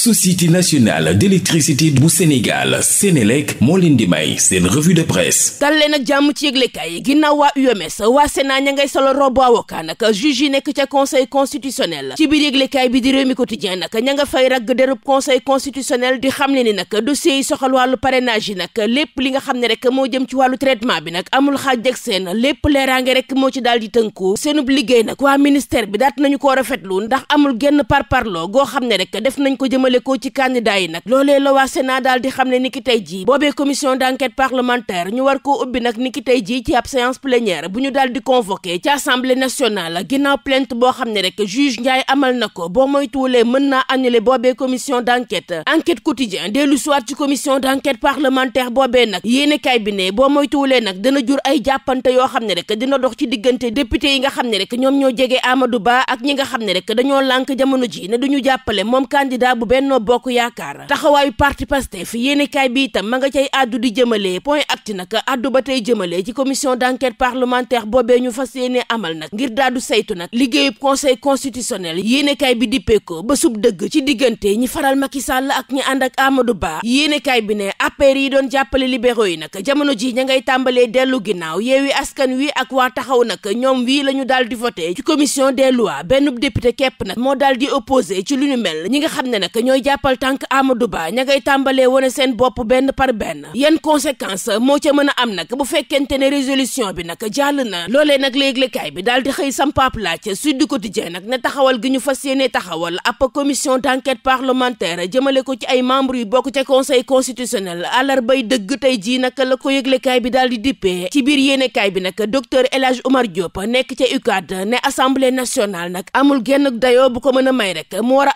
société nationale d'électricité bu Sénégal Sénélec moo leen di may seen revue de presse dal leen ak jàmm ci yëglekaay yi ginnaaw waa UMS waa Sénat ña solo robu avocat nag juge yi nekk ca conseil constitutionnel ci biir yëglekaay bi di réew mi quotidien nag ña nga fay ragg derub conseil constitutionnel di xam ni nag dossier yi soxal wàllu parrainage yi nag lépp li nga xam ne rek moo jëm ci wàllu traitement bi nag amul xaaj deg seen lépp leeraange rek moo ci daal di tënku seenub liggéey nag waa bi daat nañu koo rafetlu ndax amul genn jëmale ko ci candidat yi nag loolee la waa Sénat daal di xam ne ni ki boobee commission d'enquête parlementaire ñu war koo ubbi nag ni ki ci ab séance plénière bu ñu daal di convoqué ci assemblée nationale ginnaaw plainte boo xam ne rek juge Ndiaye amal na ko boo moytuwulee mën naa annuler boobee commission d'enquête enquête quotidien dellu soir ci commission d'enquête nag yéenekaay bi ne boo moytuwulee nag dana jur ay jàppante yoo xam ne rek dina dox ci diggante député yi nga xam ne rek ñoom ñoo jege Amadou Ba ak ñi nga xam ne rek dañoo lànk Benno Bokk Yaakaar taxawaayu parti Pastef yéenekaay bi itam ma nga cay àddu di jëmale point acti nag àddu ba tey jëmale ci commission d'enquête parlementaire boobee ñu fas yéene amal nag ngir daadu saytu nag liggéeyub conseil constitutionnel yéenekaay bi dippee ko ba sub dëgg ci diggante ñi faral Macky Sall ak ñi ànd ak Amadou Ba yéenekaay bi ne APR yi doon jàppale libéraux yi nag jamono ji ña ngay tàmbalee dellu ginnaaw yeewi askan wi ak waa taxaw nag ñoom wii la ñu daal di voté ci commission des benn député képp nag moo daal di opposé ci lu ñooy jàppal tànk Amadou Ba ña ngay tàmbalee wane seen bopp benn par benn yan conséquence moo ca mën a am nag bu fekkente ne résolution bi nag jàll na loolee nag léeglekaay bi daal di xëy sampaap laaj di du Quotidien nag ne taxawal gi ñu fas yéene taxawal app commission d'enquête parlementaire jëmale ko ci ay membre yu bokk ca conseil constitutionnel bay dëgg tey jii nag la ko yëglekaay bi daal di dippee ci biir yéenekaay bi nag docteur El Hadj Omar Diop nekk ca UCAD ne assemblée nationale nag amul genn dayoo bu ko mën a may rek mu war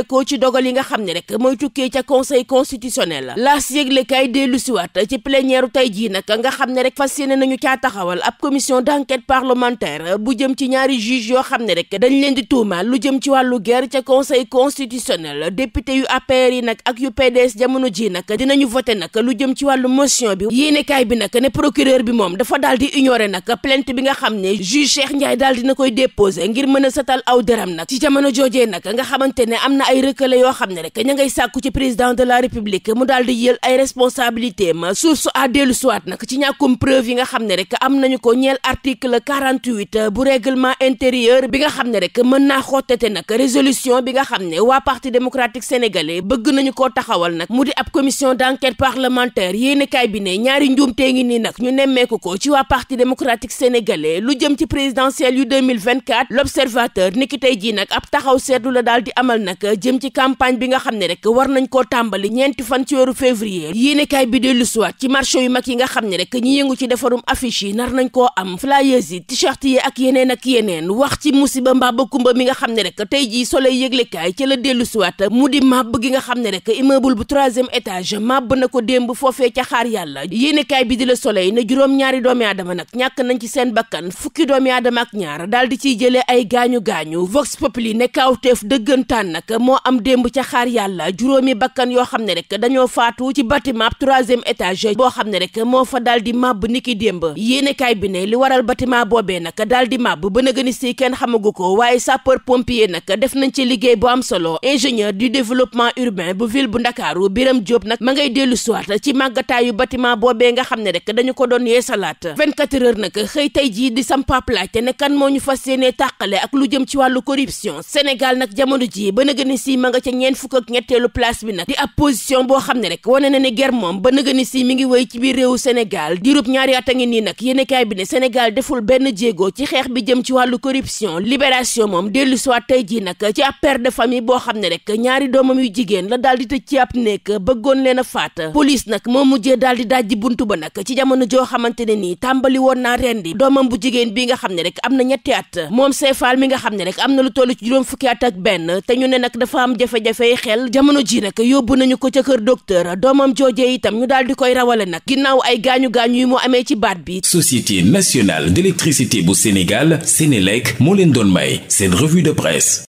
jëmale ko ci dogal yi nga xam ne rek mooy tukkee ca conseil constitutionnel laas yëglekaay dellu siwaat ci plénière tey jii nag nga xam ne rek fas yéene nañu caa taxawal ab commission d'enquête parlementaire bu jëm ci ñaari juge yoo xam ne rek dañ leen di tuumaal lu jëm ci wàllu guerre ca conseil constitutionnel député yu APR yi nag ak yu PDS jamono ji nag ñu voté nag lu jëm ci wàllu motion bi yéenekaay bi nag ne procureur bi moom dafa daal di ignorer nag plainte bi nga xam ne juge Cheikh Ndiaye daal dina koy déposé ngir mën a satal aw dëram nag ci jamono joojee nag nga xamante ay recalé yoo xam ne rek ña ngay sàkku ci président de la république mu daal di jël ay responsabilité ma source à dellu soit nag ci ñàkkum preuve yi nga xam ne rek am nañu ko ñeel article 48 bu règlement intérieur bi nga xam ne rek mën naa xottete nag résolution bi nga xam ne waa parti démocratique sénégalais bëgg nañu koo taxawal nag mu di ab commission d'enquête parlementaire yéenekaay bi ne ñaari njuumtee ngi nii nag ñu nemmeeku ko ci waa parti démocratique sénégalais lu jëm ci présidentielle yu 2024 l'observateur niki tey jii nag ab taxaw seetlu la daal di amal nag jëm ci campagne bi nga xam ne rek war nañ koo tàmbali ñeenti fan ci weeru février yéenekaay bi dee lusuwaat ci marché yu mag yi nga xam ne rek ñi ci defarum affiche yi nar nañ koo am flyers yi t-shirt ak yeneen ak yeneen wax ci musiba mbaa ba kumba mi nga xam ne rek tey jii soleil yëglekaay ci la dellu mu di màbb gi nga xam ne rek immeuble bu troisième étage màbb na ko démb foofee ca xaar yàlla yéenekaay bi di la soleil ne juróom-ñaari doom yi adama nag ñàkk nañ ci seen bakkan fukki doom aadama ak ñaar daal di ciy jëlee ay gaañu gaañu vox populi ne kaawteef dëggantaan nag moo am démb ca xaar yàlla juróomi bakkan yoo xam ne rek dañoo faatu ci bâtiment ab troisième étage boo xam ne rek moo fa daal di màbb niki démb yéenekaay bi ne li waral bâtiment boobee nag daal di màbb ba na gëni si kenn xamagu ko waaye sapeur pompier nag def nañ ci liggéey bu am solo ingénieur du développement urbain bu ville bu ndakaaru Biram Diop nag ma ngay dellu soit ci màggataayu bâtiment boobee nga xam ne rek dañu ko doon yeesalaat 24 heures nag xëy tey jii di sampaplaajte ne kan moo ñu fas yéenee tàqale ak lu jëm ci wàllu corruption Sénégal ni si ma nga ca ñeen fukk ak ñetteelu place bi nag di ab position boo xam ne rek wane na ne guerre moom ba nëga ni si mi ngi wéy ci biir réewu Sénégal diirub ñaari at a ngi nii nag yéenekaay bi ne Sénégal deful benn jéego ci xeex bi jëm ci wàllu corruption libération moom dellu soit tey ji nag ci ab père de boo xam ne rek ñaari doomam yu jigéen la daal di tëj ci ab nekk bëggoon leen a faat police nag moo mujjee daal di dajji buntu ba nag ci jamono joo xamante ne nii tàmbali woon naa rendi doomam bu jigéen bi nga xam ne am na ñetti at moom Seyfal mi nga xam ne rek am na lu toll ci juróom fukki dafa am jafe-jafey xel jamono ji nag yóbbu nañu ko ca kër docteur doomam joojee itam ñu daal di koy rawale nag ginnaaw ay gaañu-gaañu yi mu amee ci baat bi société nationale d'électricité bu Sénégal Sénélec moo leen doon may seen revue de presse